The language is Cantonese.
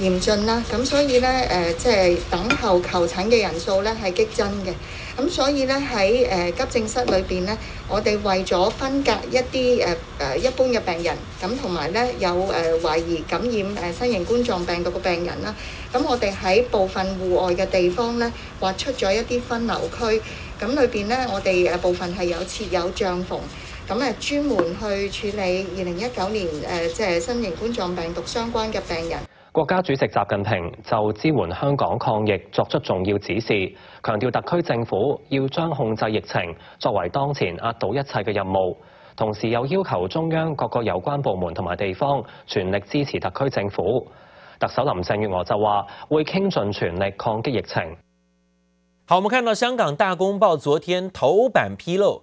嚴峻啦，咁所以咧誒，即係等候求診嘅人數咧係激增嘅。咁所以咧喺誒急症室裏邊咧，我哋為咗分隔一啲誒誒一般嘅病人，咁同埋咧有誒懷疑感染誒新型冠狀病毒嘅病人啦。咁我哋喺部分戶外嘅地方咧劃出咗一啲分流區，咁裏邊咧我哋誒部分係有設有帳篷，咁誒專門去處理二零一九年誒即係新型冠狀病毒相關嘅病人。國家主席習近平就支援香港抗疫作出重要指示，強調特區政府要將控制疫情作為當前壓倒一切嘅任務，同時又要求中央各個有關部門同埋地方全力支持特區政府。特首林鄭月娥就話：會傾盡全力抗擊疫情。好，我們看到《香港大公報》昨天頭版披露。